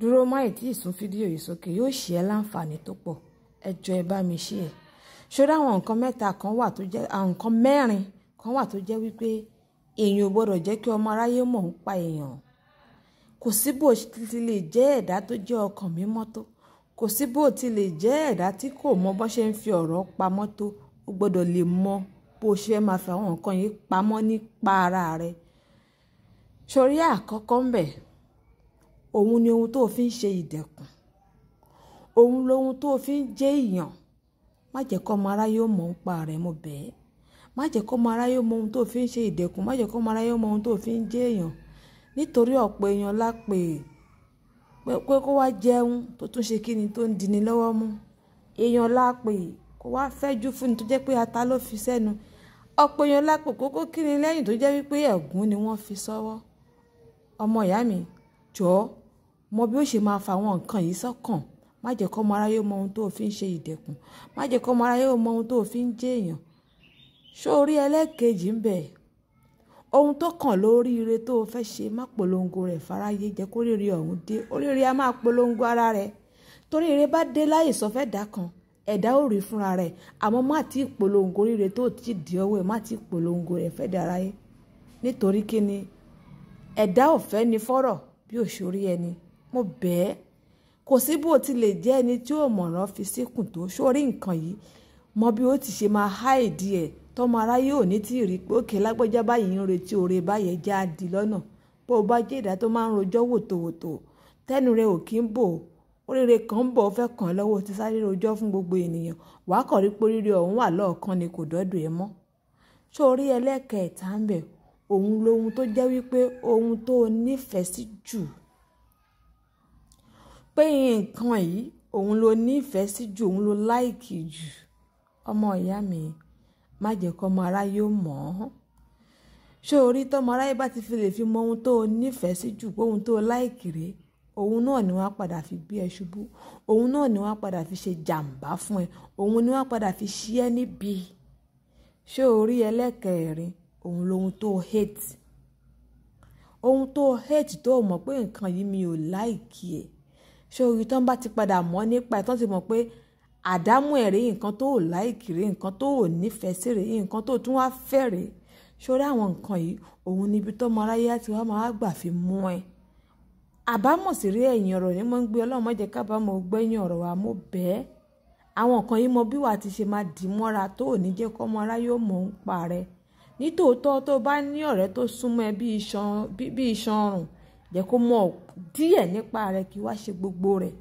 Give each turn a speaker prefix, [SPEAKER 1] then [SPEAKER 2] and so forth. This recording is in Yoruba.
[SPEAKER 1] dúró máì tí ìsún fídíò yìí sókè yóò ṣe ẹ́ láǹfààní tó pọ̀ ẹ jọ ẹ bá mi ṣe ẹ̀ ṣọ́dọ̀ àwọn nǹkan mẹ́ta kan wà tó jẹ́ àwọn nǹkan mẹ́rin kan wà tó jẹ́ wípé èèyàn ò gbọ́dọ̀ jẹ́ kí ọmọ aráyé mọ̀ ń pa èèyàn kò sí bó ti lè jẹ́ ẹ̀dá tó jẹ́ ọkàn mímọ́ tó kò sí bó ti lè jẹ́ ẹ̀dá tí kò mọ bó ṣe ń fi ọ̀rọ̀ pamọ́ tó o gbọ́dọ̀ lè mọ bó ṣe máa fi àwọn nǹkan yìí pamọ́ nípa ara rẹ ṣorí àkọ́kọ́ ń òun ni ohun tó fi ń ṣe ìdẹ̀kùn òun lohun tó fi ń jẹ́ èèyàn má jẹ́ kọ́ ọmọ aráyé ó mọ̀ ń pa rẹ̀ mo bẹ̀ẹ́ má jẹ́ kọ́ ọmọ aráyé ó mọ ohun tó fi ń ṣe ìdẹ̀kùn má jẹ́ kọ́ ọmọ aráyé mọ ohun tó fi ń jẹ́ èèyàn nítorí ọ̀pọ̀ èèyàn lápè pé kó wá jẹun tó tún ṣe kí ni tó ń dini lọ́wọ́ mú èèyàn lápè kó wá fẹ́jú fún ni tó jẹ́ pé ata ló fi sẹ́nu ọ̀pọ̀ èèyàn lápè kókó kí ni lẹ́yìn tó jẹ́ wípé ẹ̀gún ni wọ́n fi sọ́wọ́ ọmọ ìyá mi jọ̀ọ́ mọ bí ó ṣe máa fa àwọn nǹkan yìí sọ́kàn má jẹ́ kọ́ ọmọ aráyé mọ ohun tó o fi ń ṣe ìdẹ̀kùn má jẹ́ kọ́ ọmọ aráyé mọ ohun tó o fi ń jẹ́ èèyàn ṣó orí ẹlẹ́ẹ̀kejì ń bẹ̀ ohun tó kàn lórí ire tó o fẹ́ ṣe má polongo rẹ̀ fáráyé jẹ́ kó ríire ọ̀hún dé oríire a máa polongo ara rẹ̀ torí ire bá dé láyè sọfẹ́ dá kan ẹ̀dá ò rí fúnra rẹ̀ àmọ́ má ti polongo ríire tó ti di ọwọ́ ẹ̀ má ti polongo rẹ̀ fẹ́ dára yé nítorí kíni ẹ̀dá ò fẹ́ ni fọ́rọ̀ bí òṣòrí ẹni mo bẹ̀ ẹ́ kò sí bó ti lè jẹ́ ẹni tí ò mọ̀ràn fi síkùn tó sórí nǹkan yìí mọ bí ó ti ṣe máa há ìdí ẹ̀ tọmọ aráyé ò ní tí ì rí pé òkè lágbájá báyìí ń retí oore báyẹn já a di lọ́nà bó o bá jẹ́ ìdá tó máa ń rojọ́ wòtòwòtò tẹ́nu rẹ ò kí ń bò oríire kan ń bọ̀ ọ fẹ́ kàn lọ́wọ́ ti sáré rojọ́ fún gbogbo ènìyàn wàá kàn rí poríire ọ̀hún wà lọ́ọ̀kan ni kò dọ́dọ̀ ẹ mọ́ ṣó orí ń bẹ̀ òun lohun tó jẹ́ wípé ohun tó o nífẹ̀ẹ́ sí jù pé nǹkan yìí òun ló nífẹ̀ẹ́ sí jù òun ló láìkì jù ọmọ ìyá mi má jẹ́ kó ọmọ aráyé ó mọ̀ ọ́ ṣé tọmọ aráyé bá ti fi lè fi mọ ohun tó o nífẹ̀ẹ́ sí jù pé ohun tó o láìkì rèé òun náà ni wọ́n á padà fi gbé ẹ ṣubú òun náà ni wọ́n padà fi ṣe jàǹbá fún ẹ òun ni wọ́n padà fi ṣí ẹ níbi ṣé ẹlẹ́kẹ̀ẹ́rin òun lohun tó hate ohun tó hate tó mọ̀ pé nǹkan yìí mi ò láìkì ẹ̀ ṣé orí tán bá ti padà mọ̀ nípa ẹ̀ tán ti mọ̀ pé àdámù ẹ̀ rèé nǹkan tó ò láìkì rèé nǹkan tó ò nífẹ̀ẹ́ sí rèé nǹkan tó tún wá fẹ́ rèé ṣórí àwọn nǹkan yìí òun níbi tó mọ aráyé àti wàá máa gbà fi mú ẹ àbámọ̀ sì rí ẹ̀yìn ọ̀rọ̀ ni mo ń gbé ọlọ́run má jẹ́ kábàámọ̀ gbẹ́yìn ọ̀rọ̀ wa mo bẹ́ẹ̀ àwọn nǹkan yìí mọ bí wàá ti ṣe máa dì mọ́ra tó ò ní jẹ́ kọ́ ọmọ aráyé ò mọ̀ ń pa rẹ nítòótọ́ tó bá ní ọ̀rẹ́ tó súnmọ́ ẹ bí iṣan ọrùn jẹ́ kó mọ̀ díẹ̀ nípa rẹ kí wá ṣe gbogbo rẹ̀